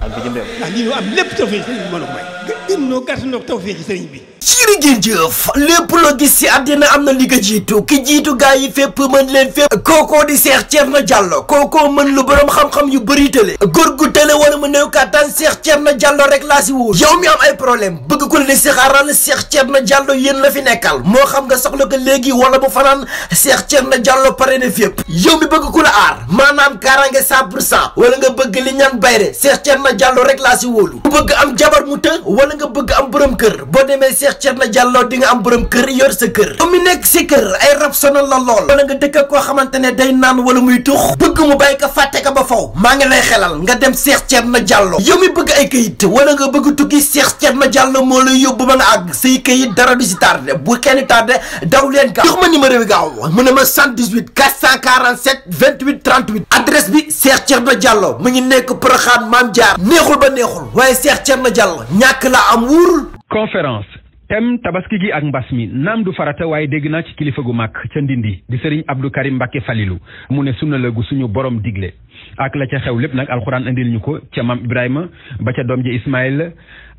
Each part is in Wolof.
ak bitim lépp tawfeex sëriñ bi mën a may. gën noo lépp loo gis ci àddina am na li ko jiitu ki jiitu gaa yi fépp mën leen fépp kookoo di seex Thierno Diallo kookoo mën lu boroom xam-xam yu bëri tële góor gu tële wala mu néew kàttan seex na Diallo rek laa si wóor yow mi am ay problème bëgg ko leen seexaaral seex na jàllo yéen la fi nekkal moo xam nga soxla ko léegi wala bu fanaan seex na jàllo pare na fépp yow mi bëgg ku la aar maanaam kaaraange 100 pour saa wala nga bëgg li ñaan bayre seex Thierno Cerna Diallo rek laa si wóolu ku bëgg am jabar mu të wala nga bëgg am borom kër boo demee Cheikh Cerna Diallo di nga am borom kër yor sa kër comme mu nekk si kër ay rab sonal lool wala nga dëkk koo xamante ne day naan wala muy tux bëgg mu bàyyi ko fàtte ko ba faw maa ngi lay xelal nga dem Cheikh Cerna Diallo yow mi bëgg ay kayit wala nga bëgg tukki Cheikh Cerna Diallo moo la yóbbu ba nga àgg say kayit dara du si tardé bu kenn tardé daw leen gaaw ma numéro bi gaaw mu ne ma 118 447 28 38 adresse bi Cheikh Cerna Diallo mu nekk Porokhane Mame Diar neexul ba neexul waaye Cheikh Thierno Diallo ñàkk la am wóorul. conférence thème tabaski gi ak mbas mi naam du farata waaye dégg naa ci kilifa gu mag ca Ndindi di sëriñ Abdou Karim Mbacke Falilou mu ne sunna suñu borom digle ak la ca xew lépp nag alxuraan indil ñu ko ca maam Ibrahima ba ca doom ji Ismaïl.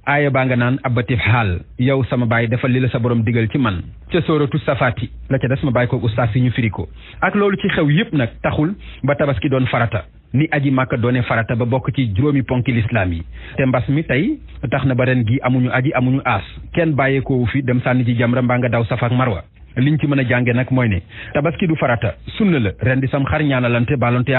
aaya baa nga naan abati xaal yow sama baay defal li la sa borom digal ci man ca sóoratu safaati la ca des ma bàyyi ko ustaas yi ñu firi ko ak loolu ci xew yëpp nag taxul ba tabaski doon farata ni aji màkka doone farata ba bokk ci juróomi ponki lislaam yi te mbas mi tey tax na ba ren gi amuñu aji amuñu aas kenn bàyyeekoowu fi dem sànni ci jamra mbaa nga daw safaak marwa ñu ci mën a jànge nag mooy ne tabaski du farata sunna la ren di sam xarñaanalante ñaanalante baalonte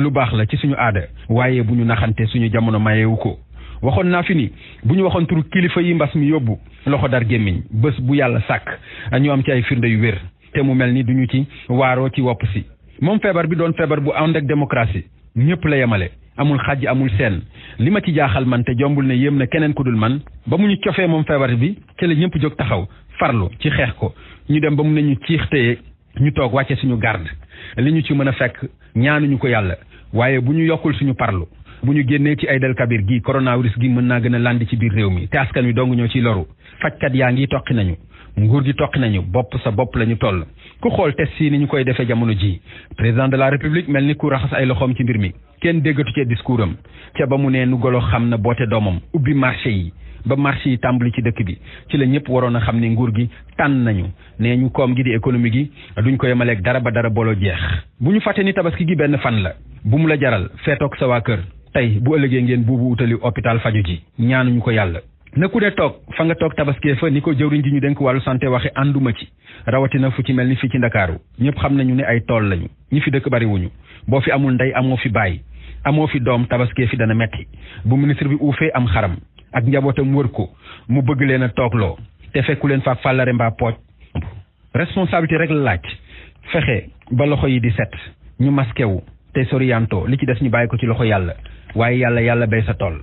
lu baax la ci suñu aada waaye bu ñu naxante suñu jamono mayewu ko waxoon naa fi ni bu ñu waxoon turu kilifa yi mbas mi yóbbu loxo dar gémmiñ bés bu yàlla sàkk ñu am ci ay firnde yu wér te mu mel ni duñu ci waaroo ci wopp si moom feebar bi doon feebar bu ànd ak démocratie ñëpp la yemale amul xaj amul seen li ma ci jaaxal man te jombul ne yéem na keneen ku dul man ba mu ñu cofee moom feebar bi ci la ñëpp jóg taxaw farlu ci xeex ko ñu dem ba mu ne ñu ciix téye ñu toog wàcce suñu garde li ñu ci mën a fekk ñu ko yàlla waaye bu ñu yokkul suñu parlu bu ñu génnee ci Aïdal Kabir gi coronavirus gi mën naa gën a landi ci biir réew mi te askan wi dong ñoo ciy loru fajkat yaa ngi toqi nañu nguur gi toq nañu bopp sa bopp la ñu toll ku xool te yi ni ñu koy defee jamono ji président de la république mel ni ku raxas ay loxoom ci mbir mi kenn déggatu ci discours am ca ba mu nee nu golo xam na boote doomam ubbi marché yi ba marché yi tàmbali ci dëkk bi ci la ñëpp waroon a xam ni nguur gi tànn nañu nee ñu koom gi di économie gi duñ koy yemaleeg dara ba dara bolo jeex bu ñu fàtte ni tabaski gi benn fan la bu mu la jaral feetoog sa waa kër tey bu ëllëgee ngeen buubu utali hôpital faju ji ñaanuñu ko yàlla na ku ne toog fa nga toog tabaskee fa ni ko jëwriñ ji ñu dénk wàllu santé waxe ànduma ci rawatina fu ci mel ni fii ci ndakaaru ñëpp xam nañu ne ay tool lañu ñi fi dëkk bari boo fi amul ndey amoo fi bàyyi amoo fi doom tabaskee fi dana metti bu ministre bi uufee am xaram ak njabootam wër ko mu bëgg leen a toogloo te fekku leen faak fàllare mbaa pooj responsabilité rek la laaj fexe ba loxo yi di set ñu maskewu te soriyanto li ci des ñu bàyyi ko ci loxo yàlla waaye yàlla yàlla bay sa tool